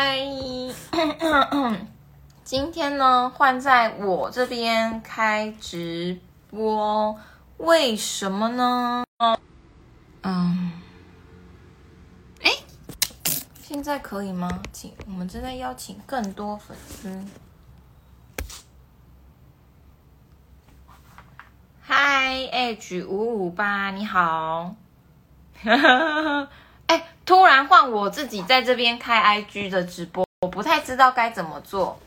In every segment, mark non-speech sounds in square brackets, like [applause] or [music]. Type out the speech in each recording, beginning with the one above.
嗨， [coughs] 今天呢，換在我這邊開直播，為什麼呢？嗯，欸、現在可以嗎？請我們正在邀請更多粉絲。嗨，H 五五八，你好。 [laughs] 突然換我自己在這邊開 IG 的直播，我不太知道該怎麼做。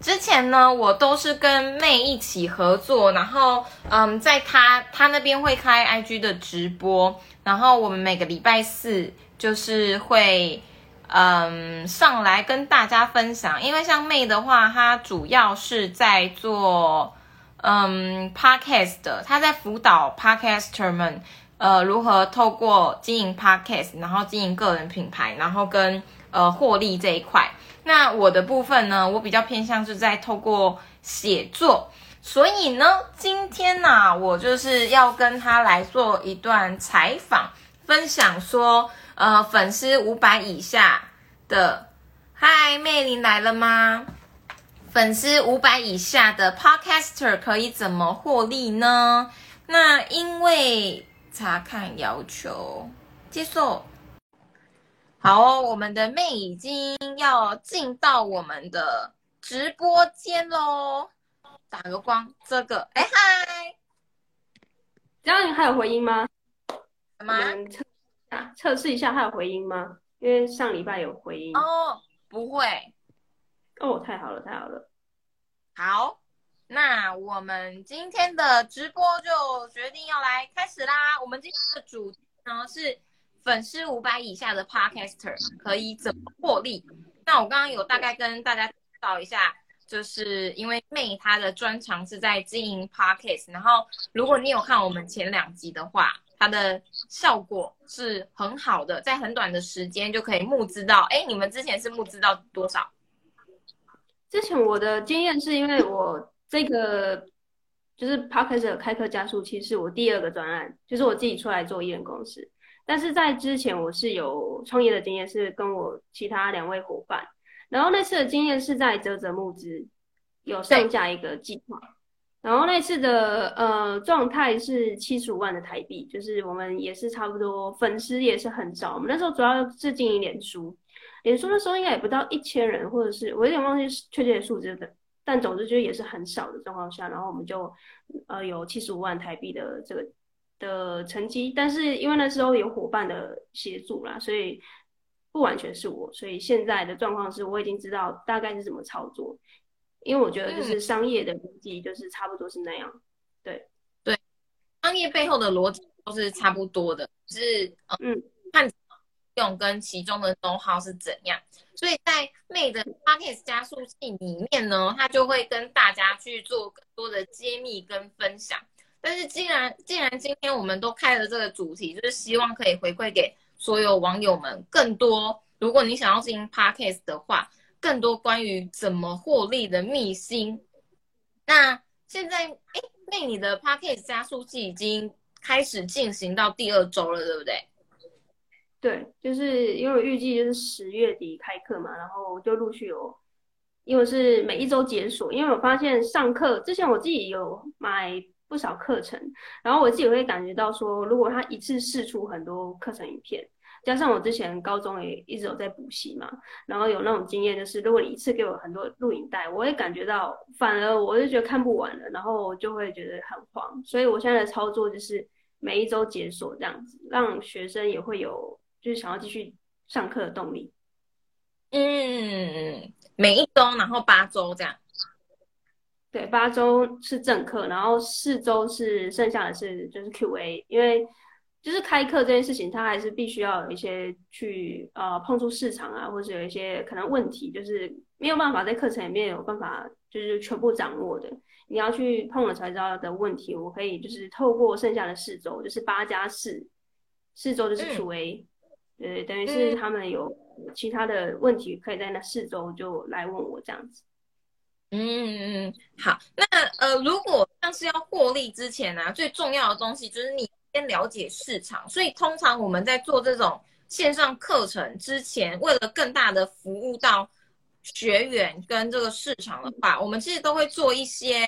之前呢，我都是跟妹一起合作，然後嗯，在她她那邊會開 IG 的直播，然後我們每個禮拜四就是會嗯上來跟大家分享。因為像妹的話，她主要是在做嗯 podcast 的，她在輔導 podcaster 們。呃，如何透過經營 podcast，然後經營個人品牌，然後跟呃獲利這一塊？那我的部分呢，我比較偏向是在透過寫作。所以呢，今天呢、啊，我就是要跟他來做一段採訪，分享說，呃，粉絲五百以下的，嗨，魅琳來了嗎？粉絲五百以下的 podcaster 可以怎麼獲利呢？那因為。查看要求，接受。好、哦，我們的妹已經要進到我們的直播間嘍，打個光，這個哎嗨，這樣你還有回音嗎？什麼我們測、啊？測試一下還有回音嗎？因為上禮拜有回音哦，oh, 不會，哦、oh，太好了，太好了，好。那我們今天的直播就決定要來開始啦。我們今天的主題呢是粉絲五百以下的 Podcaster 可以怎麼獲利？那我剛剛有大概跟大家導一下，就是因為 May 她的專長是在經營 Podcast，然後如果你有看我們前兩集的話，它的效果是很好的，在很短的時間就可以募資到。哎，你們之前是募資到多少？之前我的經驗是因為我。這個就是 Podcaster 開課加速器，是我第二個專案，就是我自己出來做一人公司。但是在之前我是有創業的經驗，是跟我其他兩位夥伴，然後那次的經驗是在嘖嘖募資，有上架一個計劃，然後那次的呃狀態是七十五萬的台幣，就是我們也是差不多粉絲也是很少，我們那時候主要是經營臉書，臉書的時候應該也不到一千人，或者是我有點忘記確切的數字的，但總之，就是也是很少的狀況下，然後我們就，呃，有七十五萬台幣的這個的成績。但是因為那時候有夥伴的協助啦，所以不完全是我。所以現在的狀況是我已經知道大概是怎麼操作，因為我覺得就是商業的邏輯就是差不多是那樣。對對，商業背後的邏輯都是差不多的，就是嗯看。用跟其中的 know-how 是怎樣，所以在妹的 Podcast 加速器裡面呢，它就會跟大家去做更多的揭秘跟分享。但是既然既然今天我們都開了這個主題，就是希望可以回饋給所有網友們更多。如果你想要進行 Podcast 的話，更多關於怎麼獲利的秘辛。那現在哎，妹你的 Podcast 加速器已經開始進行到第二週了，對不對？對，就是因為我預計就是十月底開課嘛，然後就陸續有，因為是每一周解鎖。因為我發現上課之前，我自己有買不少課程，然後我自己會感覺到說，如果他一次釋出很多課程影片，加上我之前高中也一直有在補習嘛，然後有那種經驗，就是如果你一次給我很多錄影帶，我也感覺到反而我就覺得看不完了，然後就會覺得很慌。所以我現在的操作就是每一周解鎖這樣子，讓學生也會有。就是想要繼續上課的動力。嗯，每一周，然後八周這樣。對，八周是正課，然後四周是剩下的，是就是 QA。因為就是開課這件事情，它還是必須要有一些去呃碰觸市場啊，或者是有一些可能問題，就是沒有辦法在課程裡面有辦法就是全部掌握的，你要去碰了才知道的問題。我可以就是透過剩下的四周，就是八加四，四周就是 QA。嗯。對，等於是他們有其他的問題，可以在那四周就來問我這樣子。嗯，好。那呃，如果像是要獲利之前呢，啊，最重要的東西就是你先了解市場。所以通常我們在做這種線上課程之前，為了更大的服務到學員跟這個市場的話，我們其實都會做一些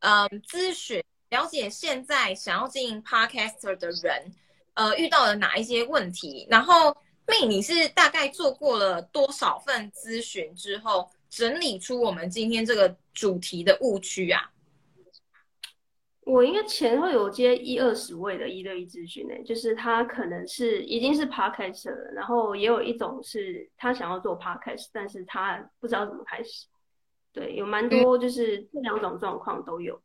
嗯、呃、諮詢，了解現在想要經營 Podcaster 的人。呃，遇到了哪一些問題？然後，妹，你是大概做過了多少份諮詢之後，整理出我們今天這個主題的誤區啊？我應該前後有接一二十位的一對一諮詢呢，就是他可能是已經是 p 開始，c a s 然後也有一種是他想要做 p 開始，a s 但是他不知道怎麼開始。對，有蠻多，就是這兩種狀況都有，嗯。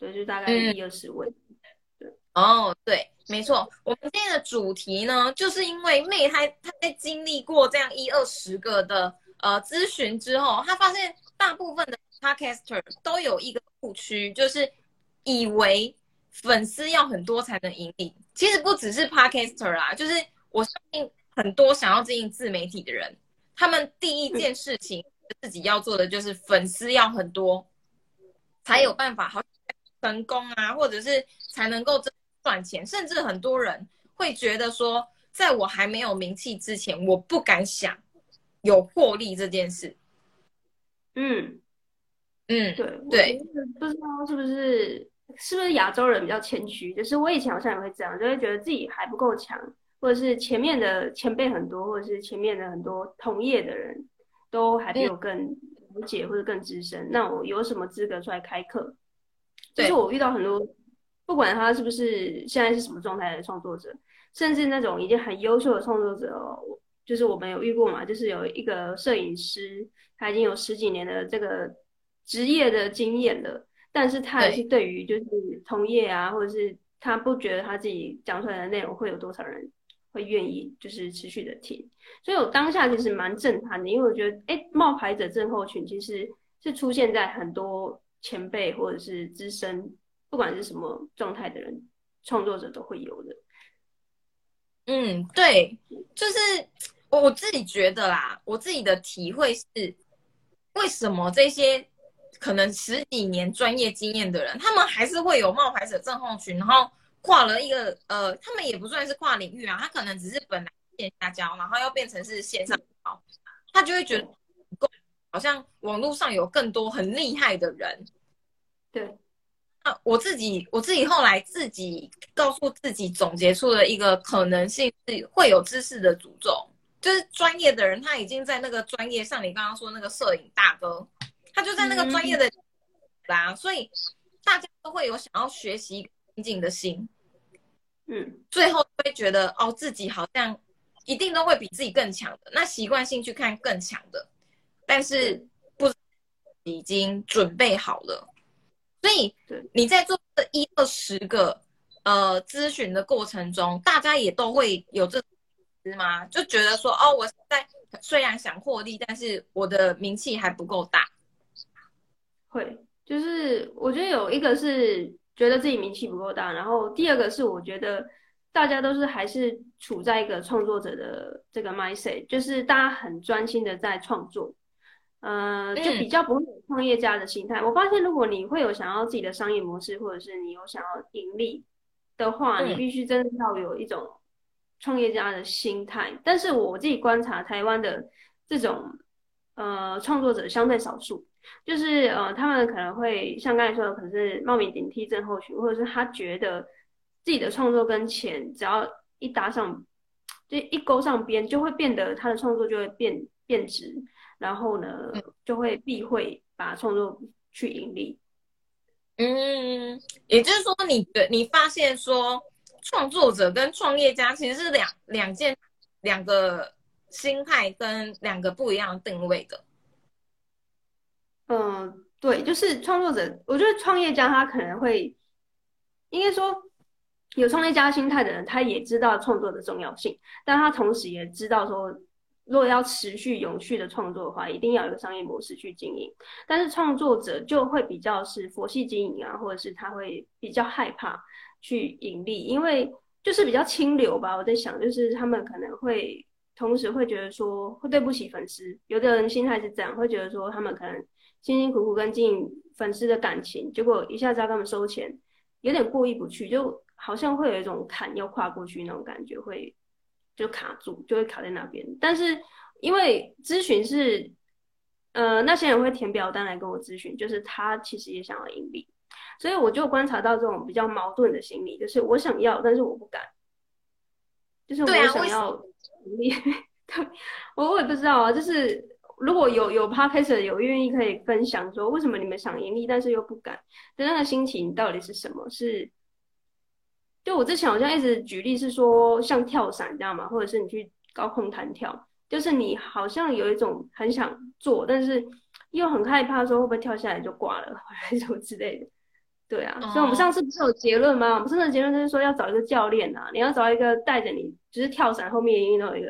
對，就大概一二十位。嗯，對。哦，對。沒錯，我們今天的主題呢，就是因為妹她她在經歷過這樣一二十個的呃諮詢之後，她發現大部分的 podcaster 都有一個誤區，就是以為粉絲要很多才能盈利。其實不只是 podcaster 啦、啊，就是我相信很多想要經營自媒體的人，他們第一件事情自己要做的就是粉絲要很多，才有辦法好成功啊，或者是才能夠賺錢，甚至很多人會覺得說，在我還沒有名氣之前，我不敢想有獲利這件事。嗯嗯，對對，不知道是不是是不是亞洲人比較謙虛，就是我以前好像也會這樣，就會覺得自己還不夠強，或者是前面的前輩很多，或者是前面的很多同業的人都還沒有更理解、嗯、或者更資深，那我有什麼資格出來開課？就是我遇到很多。不管他是不是現在是什麼狀態的創作者，甚至那種已經很優秀的創作者哦，就是我們有遇過嘛，就是有一個攝影師，他已經有十幾年的這個職業的經驗了，但是他也是對於就是同業啊，或者是他不覺得他自己講出來的內容會有多少人會願意就是持續的聽，所以我當下其實蠻震撼的，因為我覺得，哎，冒牌者症候群其實是，是出現在很多前輩或者是資深。不管是什麼狀態的人，創作者都會有的。嗯，對，就是我我自己覺得啦，我自己的體會是，為什麼這些可能十幾年專業經驗的人，他們還是會有冒牌者症候群，然後跨了一個呃，他們也不算是跨領域啊，他可能只是本來線下教，然後要變成是線上教，他就會覺得，好像網絡上有更多很厲害的人，對。啊、我自己，我自己後來自己告訴自己，總結出了一個可能性是會有知識的詛咒，就是專業的人他已經在那個專業上，像你剛剛說那個攝影大哥，他就在那個專業的啦、嗯，所以大家都會有想要學習精進的心，嗯，最後會覺得哦，自己好像一定都會比自己更強的，那習慣性去看更強的，但是不知道已經準備好了。所以你在做這一二十個呃諮詢的過程中，大家也都會有這意思嗎？就覺得說哦，我現在雖然想獲利，但是我的名氣還不夠大。對，就是我覺得有一個是覺得自己名氣不夠大，然後第二個是我覺得大家都是還是處在一個創作者的這個 mindset，就是大家很專心的在創作。呃，就比較不會有創業家的心態、嗯。我發現，如果你會有想要自己的商業模式，或者是你有想要盈利的話，你必須真的要有一種創業家的心態、嗯。但是我自己觀察台灣的這種呃創作者相對少數，就是呃他們可能會像剛才說的，可能是冒名頂替症候群，或者是他覺得自己的創作跟錢只要一搭上，就一勾上邊，就會變得他的創作就會變，變質。然後呢，就會避諱把創作去盈利。嗯，也就是說你，你你發現說，創作者跟創業家其實是兩兩件、兩個心態跟兩個不一樣的定位的。嗯，對，就是創作者，我覺得創業家他可能會，應該說有創業家心態的人，他也知道創作的重要性，但他同時也知道說，如果要持續永續的創作的話，一定要有一個商業模式去經營，但是創作者就會比較是佛系經營啊，或者是他會比較害怕去盈利，因為就是比較清流吧。我在想，就是他們可能會同時會覺得說會對不起粉絲，有的人心態是這樣，會覺得說他們可能辛辛苦苦跟經營粉絲的感情，結果一下子要跟他們收錢，有點過意不去，就好像會有一種坎要跨過去那種感覺會。就卡住，就會卡在那邊。但是因為諮詢是，呃，那些人會填表單來跟我諮詢，就是他其實也想要盈利，所以我就觀察到這種比較矛盾的心理，就是我想要，但是我不敢。就是我想要盈利，對我、啊、 [laughs] 我也不知道啊。就是如果有有 Podcaster 有願意可以分享，說為什麼你們想盈利，但是又不敢。對，那個心情到底是什麼？是？就我之前好像一直舉例是說，像跳傘這樣嘛，或者是你去高空彈跳，就是你好像有一種很想做，但是又很害怕，說會不會跳下來就掛了，還是什麼之類的。對啊，所以我們上次不是有結論嗎？我們上次的結論就是說要找一個教練啊，你要找一個帶着你，就是跳傘後面也遇到一個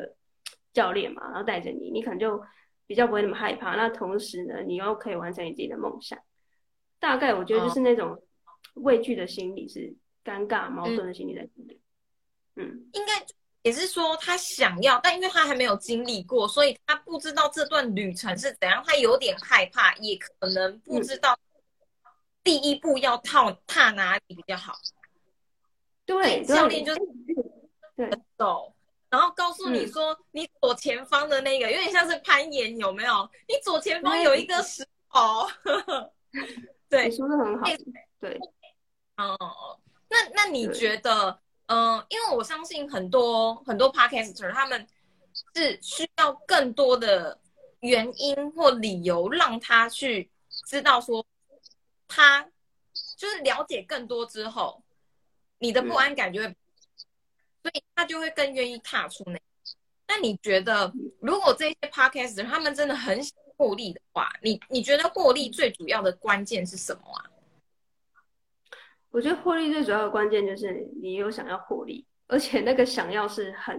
教練嘛，然後帶着你，你可能就比較不會那麼害怕。那同時呢，你又可以完成你自己的夢想。大概我覺得就是那種畏懼的心理是。尷尬矛盾的心理在。嗯，嗯，應該也是說他想要，但因為他還沒有經歷過，所以他不知道這段旅程是怎樣，他有點害怕，也可能不知道第一步要踏踏哪裡比較好，嗯。對，教練就是對，走，然後告訴你說你左前方的那個，嗯、有點像是攀岩，有沒有？你左前方有一個石頭。對， [laughs] 對你說得很好，對，哦，嗯。那那你覺得，嗯、呃，因為我相信很多很多 Podcaster 他們是需要更多的原因或理由讓他去知道說，他就是了解更多之後，你的不安感就會，所以他就會更願意踏出那。那你覺得，如果這些 Podcaster 他們真的很想獲利的話，你你覺得獲利最主要的關鍵是什麼啊？我覺得獲利最主要的關鍵就是你有想要獲利，而且那個想要是很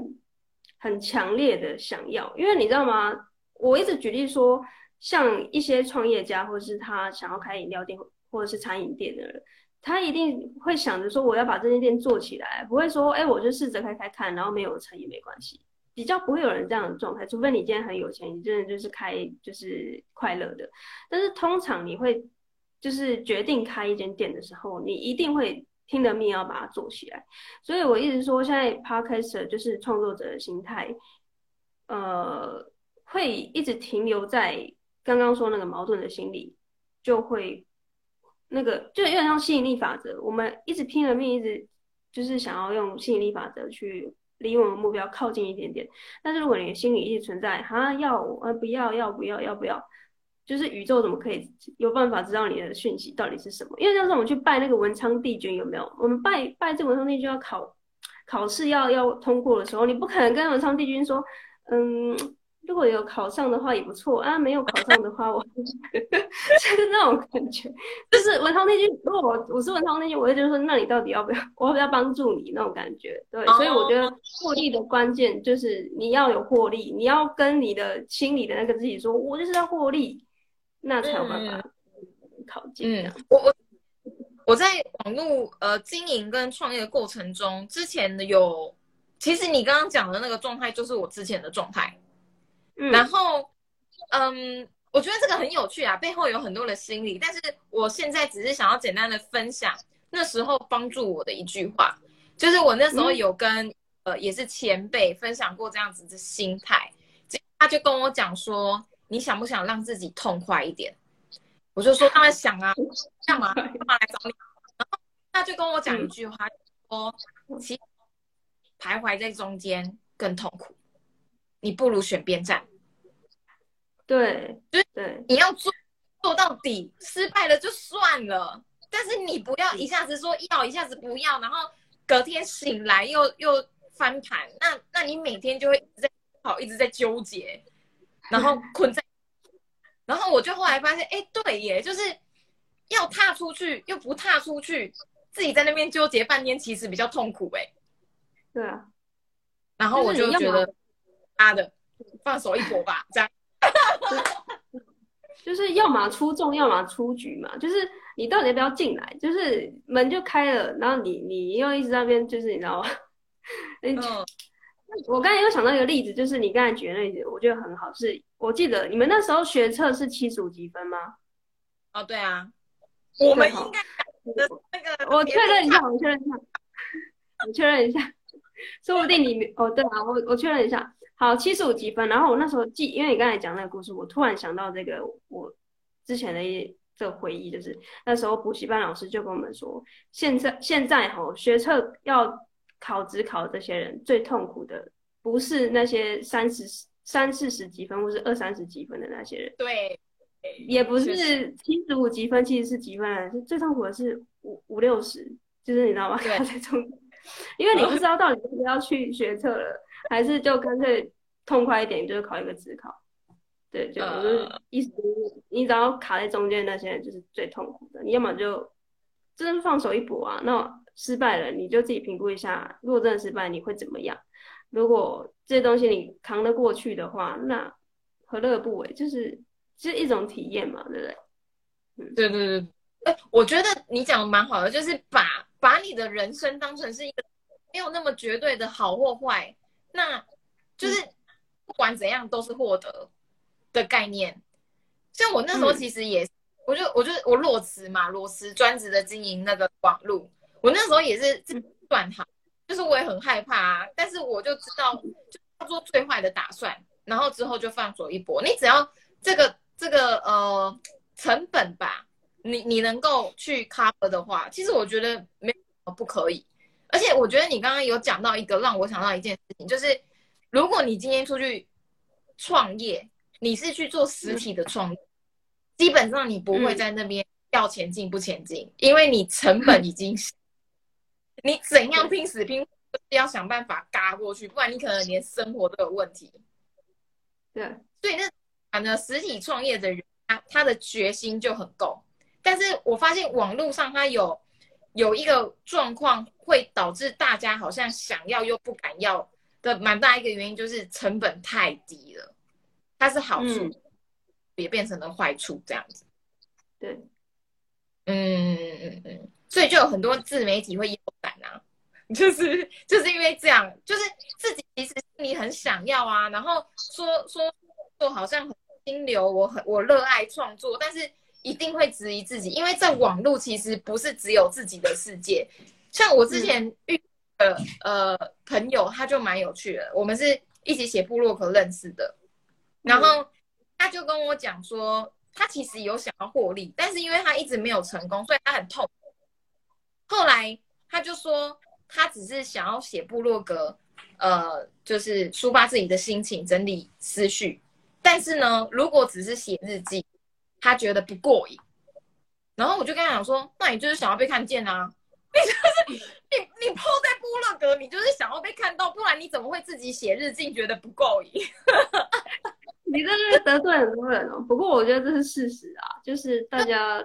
很強烈的想要，因為你知道嗎？我一直舉例說，像一些創業家或者是他想要開飲料店或者是餐飲店的人，他一定會想着說我要把這間店做起來，不會說哎、欸、我就試着開開看，然後沒有成也沒關係，比較不會有人這樣的狀態，除非你今天很有錢，你真的就是開就是快樂的，但是通常你會。就是決定開一間店的時候，你一定會拼了命要把它做起來。所以我一直說，現在 Podcaster 就是創作者的心態，呃，會一直停留在剛剛說那個矛盾的心理，就會那個就有點像吸引力法則。我們一直拼了命，一直就是想要用吸引力法則去離我們目標靠近一點點。但是如果你的心理一直存在，哈，要呃、啊、不要，要不要，要不要？就是宇宙怎麼可以有辦法知道你的訊息到底是什麼？因為那時候我們去拜那個文昌帝君有沒有？我們拜拜這個文昌帝君要考考試要要通過的時候，你不可能跟文昌帝君說，嗯，如果有考上的話也不錯啊，沒有考上的話我，我 [laughs] [laughs] 就是那種感覺。就是文昌帝君，如果我，我是文昌帝君，我會覺得說，那你到底要不要？我要不要幫助你那種感覺？對，所以我覺得獲利的關鍵就是你要有獲利，你要跟你的心裡的那個自己說，我就是要獲利。那才有辦法靠近。嗯，我我我在網絡呃經營跟創業的過程中，之前的有，其實你剛剛講的那個狀態就是我之前的狀態。嗯，然後嗯，我覺得這個很有趣啊，背後有很多的心理，但是我現在只是想要簡單的分享那時候幫助我的一句話，就是我那時候有跟、嗯、呃也是前輩分享過這樣子的心態，他就跟我講說，你想不想讓自己痛快一點？我就說當然想啊，幹嘛？幹嘛來找你。 [laughs] 然後他就跟我講一句話，說：嗯、其實徘徊在中間更痛苦，你不如選邊站，對。對，就是對。你要做做到底，失敗了就算了。但是你不要一下子說要，一下子不要，然後隔天醒來又又翻盤。那那你每天就會一直在好，一直在糾結。 [noise] 然後困在，然後我就後來發現，哎，對耶，就是要踏出去，又不踏出去，自己在那邊糾結半天，其實比較痛苦哎。對啊。然後我就覺得，他、就是啊、的放手一搏吧，這樣。 [laughs] 就是要麼出眾，要麼出局嘛。就是你到底要不要進來？就是門就開了，然後你你又一直在那邊，就是你知道嗎？嗯。 [laughs] 我剛才又想到一個例子，就是你剛才舉的一子，我覺得很好。是，我記得你們那時候學測是七十五級分嗎？哦，對啊，對我們應該那個，我確認一下，我確認一下，你 [laughs] 確認一下，說不定你 [laughs] 哦，對啊，我我確認一下，好，七十五級分。然後我那時候記，因為你剛才講那個故事，我突然想到這個我之前的一、這個回憶，就是那時候補習班老師就跟我們說，現在現在哈、哦、學測要。考指考的這些人最痛苦的，不是那些三十三、四十級分，或是二三十級分的那些人，對，也不是七十五級分，其實、就是級分最痛苦的是五五六十，就是你知道嗎？卡在中間，因為你不知道到底是不是要去學測了， [laughs] 還是就乾脆痛快一點，就考一個指考，對，就，就是意思就是你只要卡在中間那些人就是最痛苦的，你要麼就真的放手一搏啊，那麼。失敗了，你就自己評估一下，如果真的失敗，你會怎麼樣？如果這些東西你扛得過去的話，那何樂不為？就是、就是一種體驗嘛，對不對？對對對，哎、欸，我覺得你講的蠻好的，就是把把你的人生當成是一個沒有那麼絕對的好或壞，那就是不管怎樣都是獲得的概念、嗯。像我那時候其實也是、嗯我，我就我就我裸辭嘛，裸辭專職的經營那個網路。我那時候也是算好，就是我也很害怕啊，但是我就知道，就做最壞的打算，然後之後就放手一搏。你只要這個這個呃成本吧，你你能夠去 cover 的話，其實我覺得沒什麼不可以。而且我覺得你剛剛有講到一個讓我想到一件事情，就是如果你今天出去創業，你是去做實體的創、嗯，基本上你不會在那邊要前進不前進，因為你成本已經是、嗯。你怎樣拼死拼活，都是要想辦法嘎過去，不然你可能連生活都有問題。對，所以那反正實體創業的人，他他的決心就很夠。但是我發現網絡上他有有一個狀況，會導致大家好像想要又不敢要的蠻大一個原因，就是成本太低了。它是好處，也、嗯、變成了壞處，這樣子。對，嗯嗯嗯嗯。所以就有很多自媒體會反感啊，就是就是因為這樣，就是自己其實心裡很想要啊，然後說說做好像很心流，我很我熱愛創作，但是一定會質疑自己，因為這網絡其實不是只有自己的世界。像我之前遇的、嗯、呃朋友，他就蠻有趣的，我們是一起寫部落格認識的，然後他就跟我講說，他其實有想要獲利，但是因為他一直沒有成功，所以他很痛。後來他就說，他只是想要寫部落格，呃，就是抒發自己的心情，整理思緒。但是呢，如果只是寫日記，他覺得不過癮。然後我就跟他講說，那你就是想要被看見啊？你就是你你 PO 在部落格，你就是想要被看到，不然你怎麼會自己寫日記覺得不過癮？ [laughs] 你這是得罪很多人哦。不過我覺得這是事實啊，就是大家，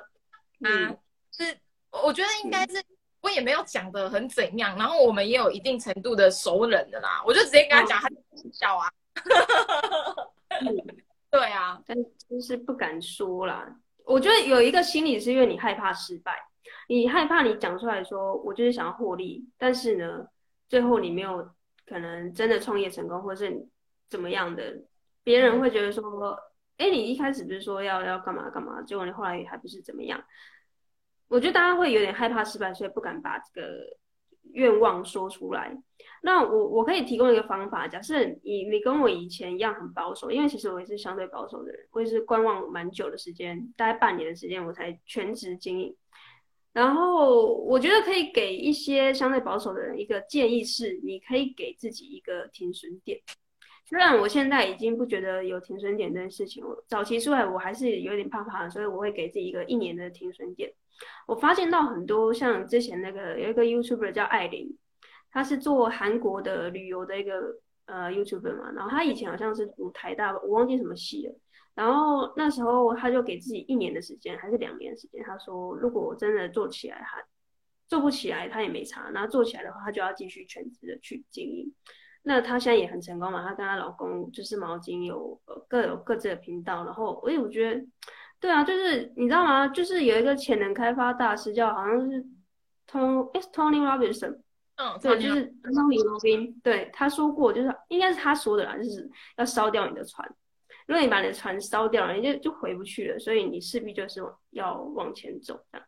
嗯，啊、是。我覺得應該是我也沒有講得很怎樣，嗯，然後我們也有一定程度的熟人的啦，我就直接跟他講，嗯，他笑啊。 [laughs] 對啊，嗯、但是不敢說啦。我覺得有一個心理是因為你害怕失敗，你害怕你講出來說，我就是想要獲利，但是呢，最後你沒有可能真的創業成功，或是怎麼樣的，別人會覺得說，哎、欸，你一開始不是說要要幹嘛幹嘛，結果你後來還不是怎麼樣。我覺得大家會有點害怕失敗，所以不敢把這個願望說出來。那我我可以提供一個方法：假設你你跟我以前一樣很保守，因為其實我也是相對保守的人，我也是觀望蠻久的時間，大概半年的時間我才全職經營。然後我覺得可以給一些相對保守的人一個建議是：你可以給自己一個停損點。雖然我現在已經不覺得有停損點這件事情，我早期出來我還是有點怕怕的，所以我會給自己一個一年的停損點。我發現到很多像之前那個有一個 YouTuber 叫艾琳，她是做韓國的旅遊的一個呃 YouTuber 嘛，然後她以前好像是讀台大，我忘記什麼系了。然後那時候她就給自己一年的時間，還是兩年的時間，她說如果我真的做起來，還做不起來，她也沒差。然後做起來的話，她就要繼續全職的去經營。那她現在也很成功嘛，她跟她老公就是毛巾有各有各自的頻道，然後我也我覺得。對啊，就是你知道嗎？就是有一個潛能開發大師叫好像是 Tony Robinson。嗯，對，就是 Tony Robinson。對，他說過，就是應該是他說的啦，就是要燒掉你的船。如果你把你的船燒掉了，你就，就回不去了，所以你勢必就是往要往前走的。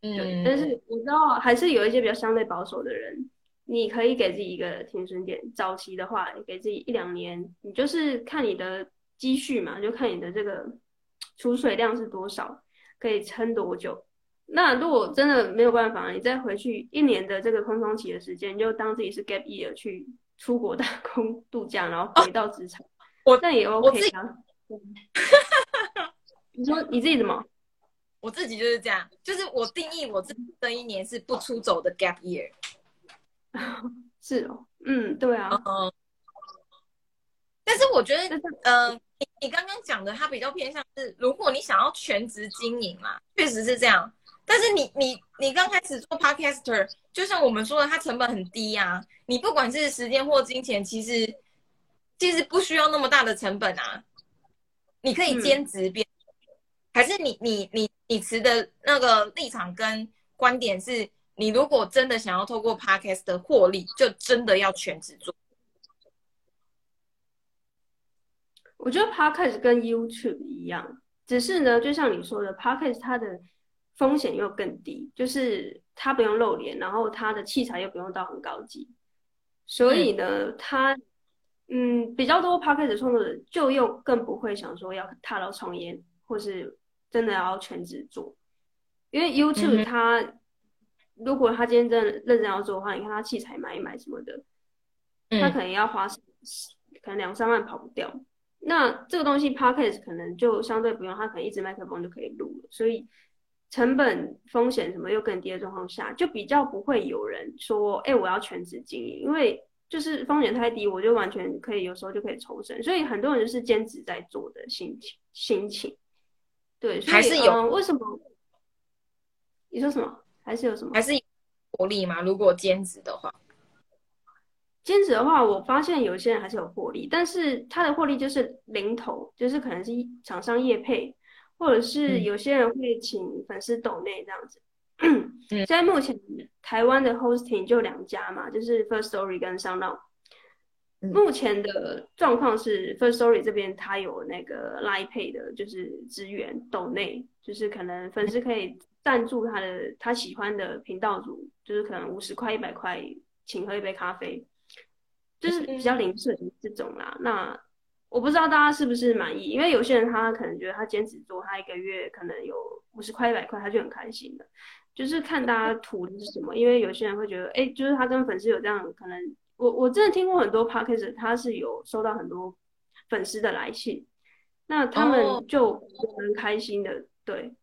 嗯，但是你知道啊，還是有一些比較相對保守的人，你可以給自己一個停損點。早期的話，你給自己一兩年，你就是看你的積蓄嘛，就看你的這個。儲水量是多少？可以撐多久？那如果真的沒有辦法，你再回去一年的這個空窗期的時間，你就當自己是 gap year 去出國打工、度假，然後回到職場。哦、我這也 OK 啊。 [laughs] 你說你自己怎麼？我自己就是這樣，就是我定義我自己這一年是不出走的 gap year。 [laughs] 是哦，嗯，對啊。嗯。但是我覺得，嗯。呃你你剛剛講的，他比較偏向是，如果你想要全職經營嘛，確實是這樣。但是你你你剛開始做 podcaster，就像我們說的，它成本很低呀、啊。你不管是時間或金錢，其實其實不需要那麼大的成本啊。你可以兼職邊，嗯、還是你你你你，你持的那個立場跟觀點是，你如果真的想要透過 podcast 獲利，就真的要全職做。我覺得 Podcast 跟 YouTube 一樣，只是呢，就像你說的 Podcast 它的風險又更低，就是它不用露臉，然後它的器材又不用到很高級，所以呢，嗯它嗯比較多 Podcast 的創作者就又更不會想說要踏入創業，或是真的要全職做，因為 YouTube 它、嗯、如果他今天真的認真要做的話，你看他器材買一買什麼的，他可能也要花可能兩三萬跑不掉。那這個東西 Podcast 可能就相對不用，它可能一支麥克風就可以錄了，所以成本風險什麼又更低的狀況下，就比較不會有人說，哎、欸，我要全職經營，因為就是風險太低，我就完全可以，有時候就可以抽身，所以很多人就是兼職在做的心情心情，對，所以還是有、嗯、為什麼？你說什麼？還是有什麼？還是有獲利嗎？如果兼職的話？兼職的話，我發現有些人還是有獲利，但是他的獲利就是零頭，就是可能是廠商業配，或者是有些人會請粉絲斗內這樣子。 [coughs] 現在目前台灣的 hosting 就兩家嘛，就是 Firstory 跟 SoundOn。目前的狀況是 Firstory 這邊他有那個 Line Pay 的，就是支援斗內，就是可能粉絲可以贊助他的他喜歡的頻道主，就是可能五十塊一百塊，請喝一杯咖啡。就是比較零碎的這種啦、嗯，那我不知道大家是不是滿意？因為有些人他可能覺得他堅持做，他一個月可能有五十塊一百塊，他就很開心的。就是看大家圖的是什麼，因為有些人會覺得，哎、欸，就是他跟粉絲有這樣可能，我我真的聽過很多 Podcast 他是有收到很多粉絲的來信，那他們就很開心的、哦，對，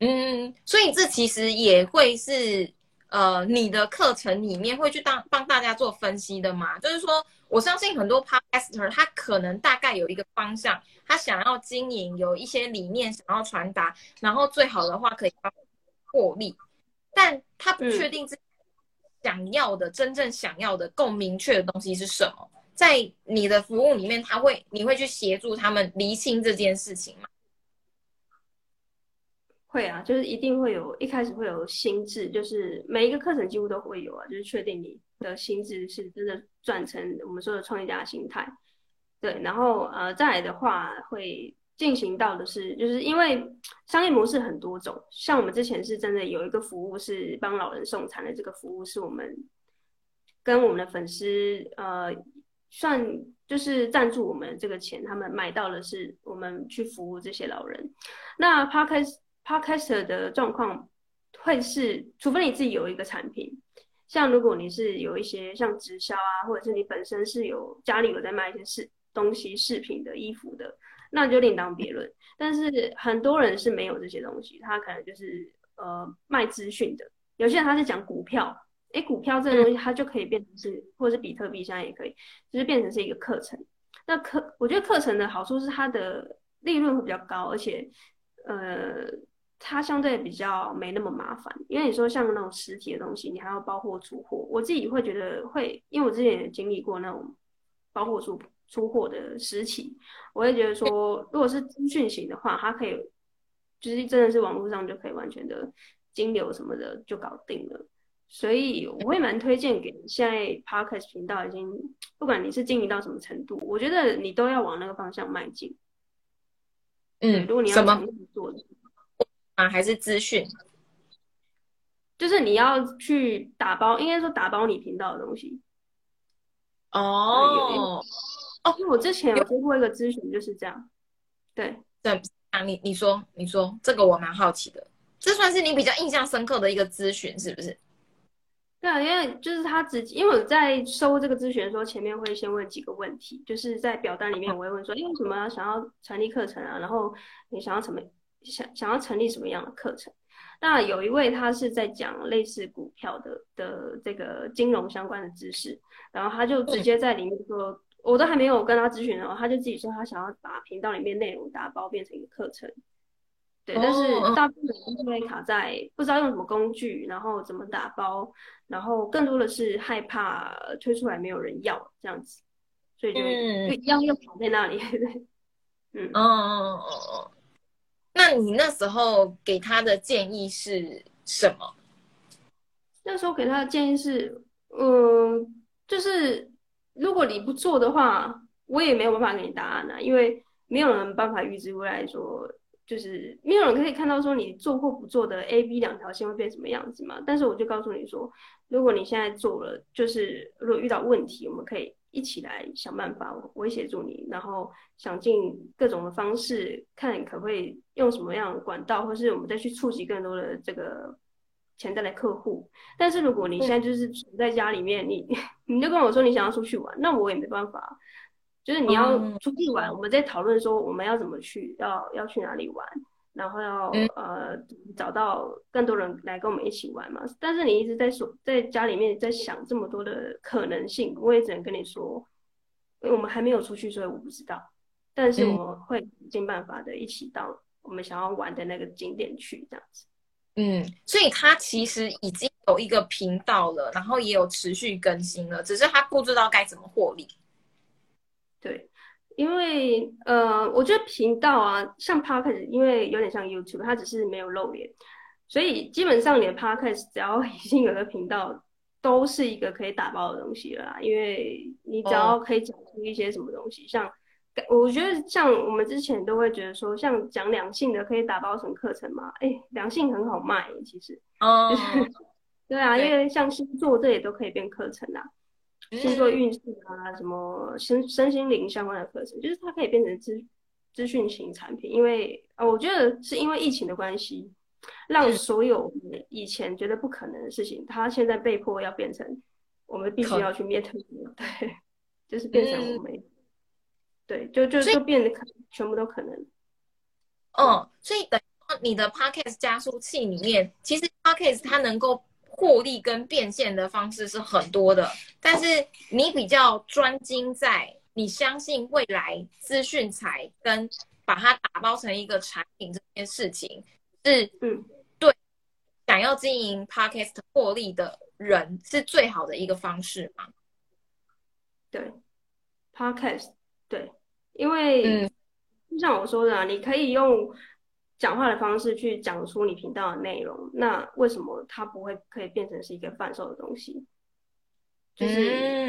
嗯，所以這其實也會是。呃，你的課程裡面會去當幫大家做分析的嗎？就是說，我相信，很多 Podcaster 他可能大概有一個方向，他想要經營，有一些理念想要傳達，然後最好的話可以幫他們獲利，但他不確定自己想要的、嗯、真正想要的、更明確的東西是什麼。在你的服務裡面，他會你會去協助他們釐清這件事情嗎？會啊，就是一定會有一開始會有心智，就是每一個課程幾乎都會有啊，就是確定你的心智是真的轉成我們說的創業家的心態。對，然後呃，再來的話會進行到的是，就是因為商業模式很多種，像我們之前是真的有一個服務是幫老人送餐的，這個服務是我們跟我們的粉絲呃算就是贊助我們這個錢，他們買到的是我們去服務這些老人。那他開始。Podcaster 的狀況會是，除非你自己有一個產品，像如果你是有一些像直銷啊，或者是你本身是有家裡有在賣一些飾東西、飾品的衣服的，那就另當別論。但是很多人是沒有這些東西，他可能就是呃賣資訊的。有些人他是講股票，誒、欸、股票這個東西它就可以變成是，嗯、或者是比特幣，現在也可以，就是變成是一個課程。那課我覺得課程的好處是它的利潤會比較高，而且呃。它相對比較沒那麼麻煩，因為你說像那種實體的東西，你還要包貨出貨。我自己會覺得會，因為我之前也經歷過那種包貨出出貨的實體，我會覺得說，如果是資訊型的話，它可以就是真的是網絡上就可以完全的金流什麼的就搞定了。所以我會蠻推薦給現在 Podcast 頻道已經，不管你是經營到什麼程度，我覺得你都要往那個方向邁進。嗯，如果你要從那做。啊，還是資訊。就是你要去打包，應該說打包你頻道的東西。哦、oh, 啊，哦，因為我之前有接過一個諮詢，就是這樣。對對，啊，你你說你說這個我蠻好奇的，這算是你比較印象深刻的一個諮詢是不是？對啊，因為就是他自己，因為我在收這個諮詢的時候，前面會先問幾個問題，就是在表單裡面我會問說，嗯、因為什麼、啊、想要成立課程啊，然後你想要什麼？想想要成立什麼樣的課程？那有一位他是在講類似股票的的這個金融相關的知識，然後他就直接在裡面說，嗯、我都還沒有跟他諮詢，然後他就自己說他想要把頻道裡面內容打包變成一個課程。對，但是大部分人都會卡在不知道用什麼工具，然後怎麼打包，然後更多的是害怕推出來沒有人要這樣子，所以就一樣又跑在那裡。嗯嗯嗯嗯嗯。嗯那你那時候給他的建議是什麼？那時候給他的建議是，嗯，就是如果你不做的話，我也沒有辦法給你答案吶、啊，因為沒有人辦法預知未來說，說就是沒有人可以看到說你做或不做的 A、B 兩條線會變什麼樣子嘛。但是我就告訴你說，如果你現在做了，就是如果遇到問題，我們可以。一起來想辦法，我會協助你，然後想盡各種的方式，看可不可以用什麼樣的管道，或是我們再去觸及更多的這個潛在的客戶。但是如果你現在就是在家裡面，你你就跟我說你想要出去玩，那我也沒辦法，就是你要出去玩，我們在討論說我們要怎麼去，要要去哪裡玩。然後要、嗯、呃找到更多人來跟我們一起玩嘛，但是你一直在說在家裡面在想這麼多的可能性，我也只能跟你說，因、欸、為我們還沒有出去，所以我不知道，但是我會盡辦法的一起到我們想要玩的那個景點去，這樣子。嗯，所以他其實已經有一個頻道了，然後也有持續更新了，只是他不知道該怎麼獲利。對。因為呃，我覺得頻道啊，像 podcast，因為有點像 YouTube，它只是沒有露臉，所以基本上你的 podcast 只要已經有個頻道，都是一個可以打包的東西了啦。因為你只要可以講出一些什麼東西，oh. 像我覺得像我們之前都會覺得說，像講兩性的可以打包成課程嘛，哎、欸，兩性很好賣、欸，其實哦，oh. [laughs] 對啊，okay. 因為像星座這也都可以變課程啦。星座運勢啊，什麼身、身心靈相關的課程，就是它可以變成資資訊型產品。因為啊，我覺得是因為疫情的關係，讓所有以前覺得不可能的事情，它現在被迫要變成我們必須要去面對。對，就是變成我們、嗯、對，就就就變得可，全部都可能。哦，所以等於說你的 podcast 加速器裡面，其實 podcast 它能夠。獲利跟變現的方式是很多的，但是你比較專精在你相信未來資訊財跟把它打包成一個產品這件事情是嗯對，想要經營 Podcast 獲利的人是最好的一個方式嗎？對，Podcast 對，因為就、嗯、像我說的、啊，你可以用。講話的方式去講出你頻道的內容，那為什麼它不會可以變成是一個販售的東西？就是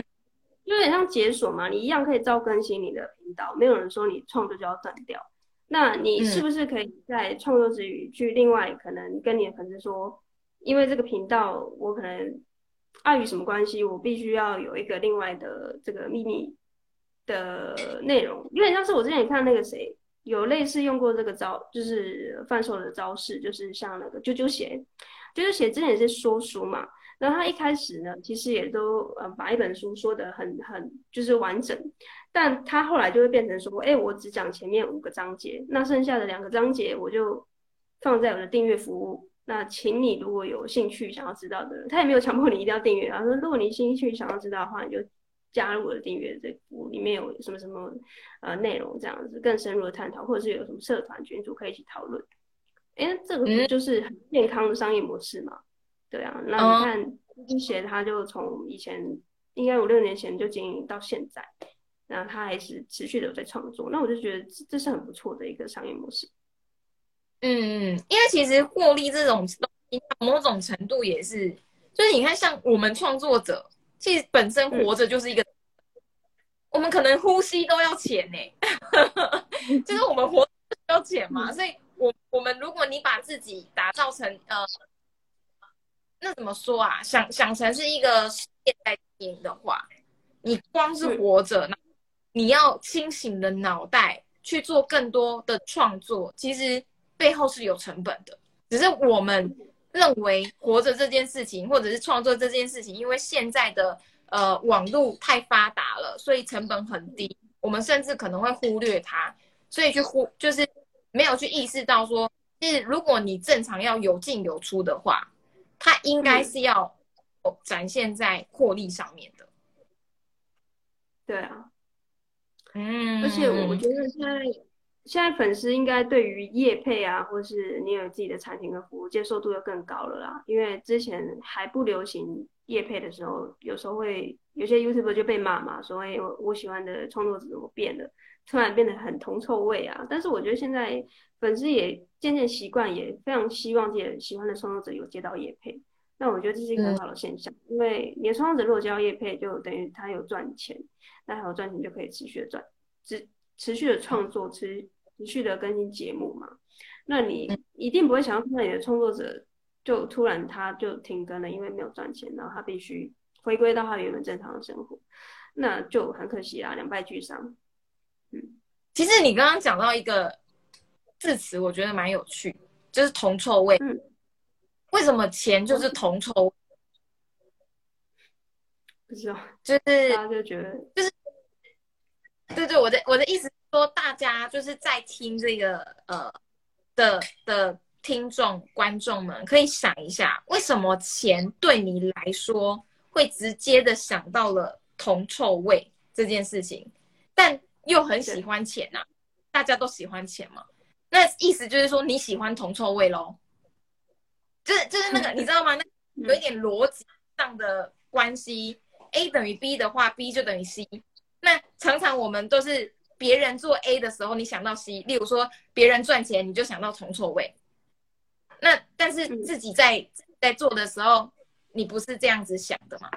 有點像解鎖嘛，你一樣可以照更新你的頻道，沒有人說你創作就要斷掉。那你是不是可以在創作之餘，嗯，去另外可能跟你的粉絲說，因為這個頻道我可能礙於什麼關係，我必須要有一個另外的這個秘密的內容，有點像是我之前也看那個誰。有類似用過這個招，就是販售的招式，就是像那個啾啾鞋，啾啾鞋之前也是說書嘛，然後他一開始呢，其實也都嗯、呃、把一本書說的很很，就是完整，但他後來就會變成說，哎、欸，我只講前面五個章節，那剩下的兩個章節我就放在我的訂閱服務，那請你如果有興趣想要知道的，他也沒有強迫你一定要訂閱、啊，他說如果你興趣想要知道的話，你就。加入了訂閱這股裡面有什麼什麼，呃，內容這樣子更深入的探討，或者是有什麼社團群組可以一起討論。哎，這個不就是很健康的商業模式嘛，嗯。對啊，那你看，哦，一些，他就從以前應該五六年前就經營到現在，然後他還是持續的在創作。那我就覺得這這是很不錯的一個商業模式。嗯，因為其實獲利這種東西，某種程度也是，就是你看，像我們創作者。其實本身活着就是一個、嗯，我們可能呼吸都要錢呢，就是我們活要錢嘛，所以我我們如果你把自己打造成呃，那怎麼說啊？想想成是一個現代經營的話，你光是活着，你要清醒的腦袋去做更多的創作，其實背後是有成本的，只是我們。認為活着這件事情，或者是創作這件事情，因為現在的呃網路太發達了，所以成本很低，我們甚至可能會忽略它，所以去忽就是沒有去意識到說，是如果你正常要有進有出的話，它應該是要展現在獲利上面的。對啊，嗯，而且我覺得現在。現在粉絲應該對於業配啊，或是你有自己的產品和服務，接受度又更高了啦。因為之前還不流行業配的時候，有時候會有些 YouTuber 就被罵嘛，所以、欸、我我喜歡的創作者怎麼變了，突然變得很銅臭味啊。但是我覺得現在粉絲也漸漸習慣，也非常希望自己的喜歡的創作者有接到業配。那我覺得這是一個很好的現象，嗯、因為你的創作者如果接到業配，就等於他有賺錢，那他有賺錢就可以持續的賺，持持續的創作，持。持續持續的更新節目嘛，那你一定不會想要看到你的創作者就突然他就停更了，因為沒有賺錢，然後他必須回歸到他原本正常的生活，那就很可惜啊，兩敗俱傷。嗯，其實你剛剛講到一個字詞，我覺得蠻有趣，就是“銅臭味”。嗯。為什麼錢就是銅臭味？不知道、嗯就是，就是，他就覺得，就是，對對，我的我的意思。說大家就是在聽這個呃的的聽眾觀眾們可以想一下，為什麼錢對你來說會直接的想到了銅臭味這件事情，但又很喜歡錢吶、啊？大家都喜歡錢嘛？那意思就是說你喜歡銅臭味咯。就是就是那個你知道嗎？那有一點邏輯上的關係 [laughs] ，A 等於 B 的話，B 就等於 C。那常常我們都是。別人做 A 的時候，你想到 C，例如說別人賺錢，你就想到重錯位。那但是自己在在做的時候，你不是這樣子想的嗎？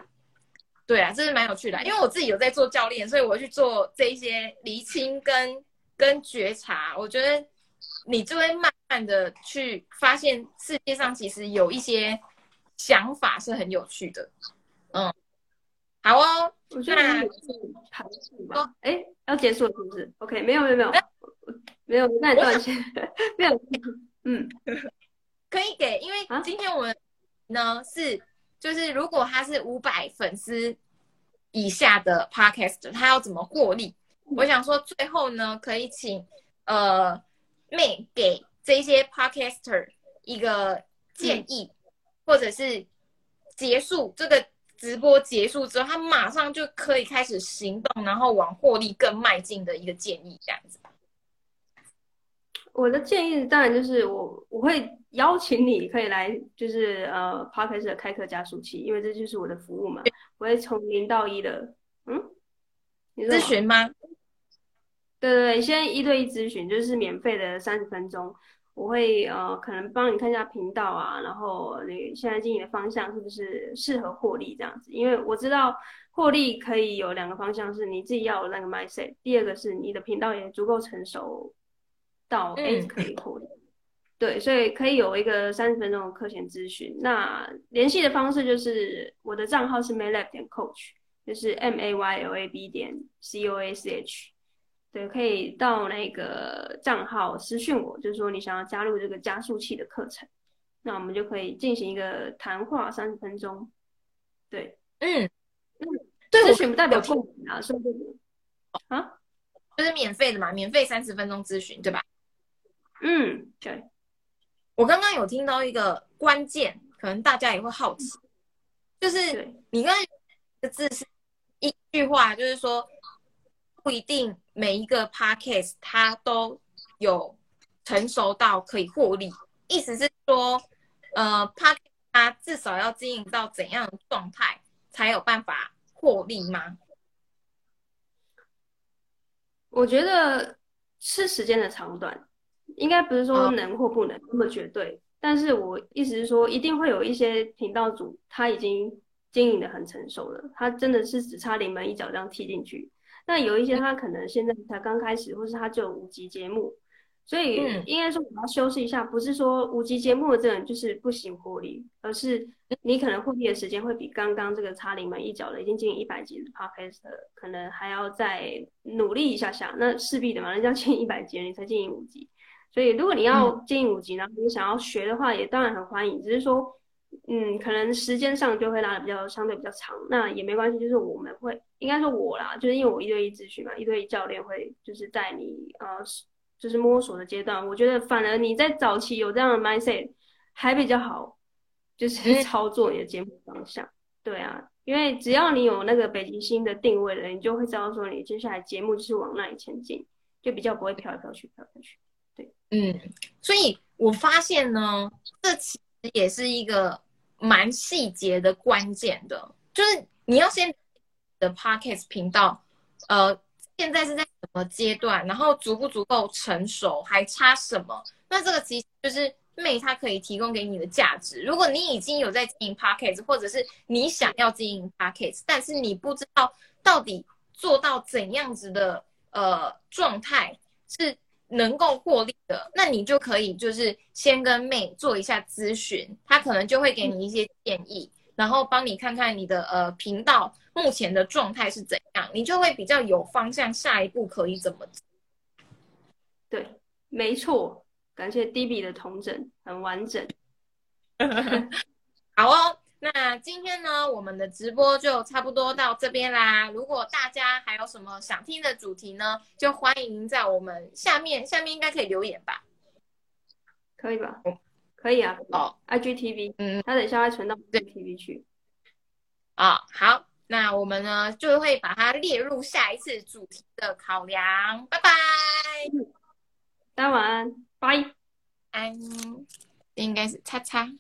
對啊，這是蠻有趣的，因為我自己有在做教練，所以我去做這一些釐清跟跟覺察。我覺得你就會慢慢的去發現，世界上其實有一些想法是很有趣的。嗯。好哦，那，我覺得我吧。哎，要結束了是不是、哦、？OK，沒有沒有沒有，沒有。那你多少錢沒有？嗯，可以給，因為今天我們呢、啊、是就是，如果他是五百粉絲以下的 Podcaster，他要怎麼獲利、嗯？我想說最後呢，可以請呃妹給這些 Podcaster 一個建議，嗯、或者是結束這個。直播結束之後，他馬上就可以開始行動，然後往獲利更邁進的一個建議，這樣子。我的建議當然就是我我會邀請你可以來，就是呃 Podcaster 的開課加速器，因為這就是我的服務嘛。我會從零到一的，嗯你，諮詢嗎？對對對，先一對一諮詢就是免費的三十分鐘。我會呃，可能幫你看一下頻道啊，然後你現在經營的方向是不是適合獲利這樣子？因為我知道獲利可以有兩個方向，是你自己要那個 mindset, 第二個是你的頻道也足夠成熟到、a、可以獲利、嗯。對，所以可以有一個三十分鐘的課前諮詢。那聯繫的方式就是我的賬號是 maylab 點 coach，就是 m a y l a b 點 c o a c h。對，可以到那個賬號私信我，就是說你想要加入這個加速器的課程，那我們就可以進行一個談話三十分鐘。對，嗯對，對。諮詢不代表聽，聽啊，是不是？啊，就是免費的嘛，免費三十分鐘諮詢，對吧？嗯，對。我剛剛有聽到一個關鍵，可能大家也會好奇，嗯、就是你剛剛一個字是一句話，就是說。不一定每一個 podcast 它都有成熟到可以獲利，意思是說，呃，podcast 它至少要經營到怎樣的狀態才有辦法獲利嗎？我覺得是時間的長短，應該不是說能或不能，oh. 那麼絕對，但是我意思是說，一定會有一些頻道主他已經經營的很成熟了，他真的是只差臨門一腳這樣踢進去。那有一些他可能現在才剛開始，或是他只有五集節目，所以應該說我們要修飾一下，不是說五集節目的這種就是不行獲利，而是你可能獲利的時間會比剛剛這個差臨門一腳的已經經營一百集的 podcast 可能還要再努力一下下，那勢必的嘛，人家經營一百集，你才經營五集，所以如果你要經營五集呢，然後你想要學的話也當然很歡迎，只是說。嗯，可能時間上就會拉的比較相對比較長，那也沒關係，就是我們會應該是我啦，就是因為我一對一諮詢嘛，一對一教練會就是帶你呃、啊，就是摸索的階段。我覺得反而你在早期有這樣的 mindset 還比較好，就是操作你的節目方向。對啊，因為只要你有那個北極星的定位了，你就會知道說你接下來節目就是往那裡前進，就比較不會飄來飄去、飄來飄去。對，嗯，所以我發現呢，這期。也是一個蠻細節的關鍵的，就是你要先的 Podcast 頻道，呃，現在是在什麼階段，然後足不足夠成熟，還差什麼？那這個其實就是妹她可以提供給你的價值。如果你已經有在經營 Podcast 或者是你想要經營 Podcast 但是你不知道到底做到怎樣子的呃狀態是。能夠獲利的，那你就可以就是先跟妹做一下諮詢，她可能就會給你一些建議，然後幫你看看你的呃頻道目前的狀態是怎樣，你就會比較有方向，下一步可以怎麼做。對，沒錯，感謝 Dibi 的統整，很完整， [laughs] 好哦。那今天呢，我們的直播就差不多到這邊啦。如果大家還有什麼想聽的主題呢，就歡迎在我們下面下面應該可以留言吧？可以吧？可以啊。哦，IGTV，嗯，他等一下會傳到 IGTV 去。啊、嗯哦，好，那我們呢就會把它列入下一次主題的考量。拜拜。大家晚安，拜，拜。安，應該是猜猜。